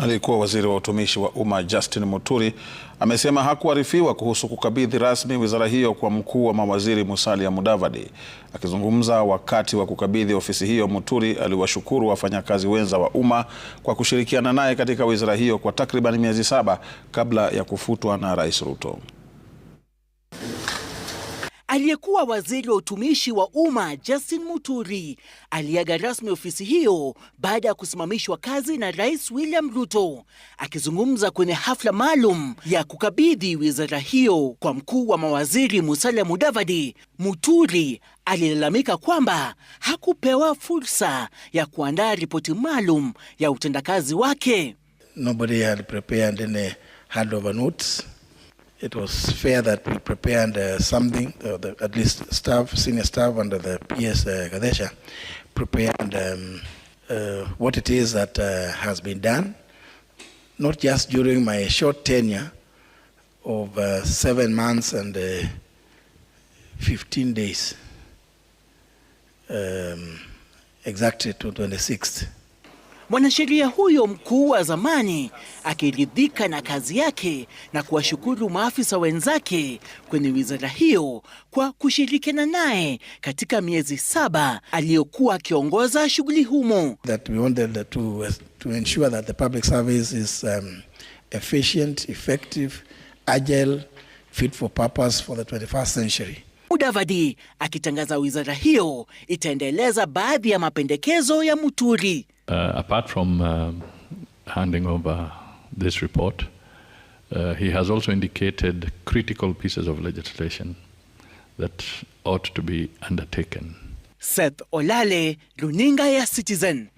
Aliyekuwa waziri wa utumishi wa umma Justin Muturi amesema hakuarifiwa kuhusu kukabidhi rasmi wizara hiyo kwa mkuu wa mawaziri Musalia Mudavadi. Akizungumza wakati wa kukabidhi ofisi hiyo, Muturi aliwashukuru wafanyakazi wenza wa umma kwa kushirikiana naye katika wizara hiyo kwa takriban miezi saba kabla ya kufutwa na Rais Ruto. Aliyekuwa waziri wa utumishi wa umma Justin Muturi aliaga rasmi ofisi hiyo baada ya kusimamishwa kazi na Rais William Ruto. Akizungumza kwenye hafla maalum ya kukabidhi wizara hiyo kwa mkuu wa mawaziri Musalia Mudavadi, Muturi alilalamika kwamba hakupewa fursa ya kuandaa ripoti maalum ya utendakazi wake. Nobody had prepared any handover notes. it was fair that we prepared uh, something, uh, the, at least staff, senior staff under the PS uh, Gadesha prepared um, uh, what it is that uh, has been done, not just during my short tenure of uh, seven months and 15 days, um, exactly to 26th. Mwanasheria huyo mkuu wa zamani akiridhika na kazi yake na kuwashukuru maafisa wenzake kwenye wizara hiyo kwa kushirikiana naye katika miezi saba aliyokuwa akiongoza shughuli humo. That we wanted to, to ensure that the public service is um, efficient, effective, agile, fit for purpose for the 21st century. Mudavadi akitangaza wizara hiyo itaendeleza baadhi ya mapendekezo ya Muturi. Uh, apart from uh, handing over this report, uh, he has also indicated critical pieces of legislation that ought to be undertaken. Seth Olale, Luninga ya Citizen.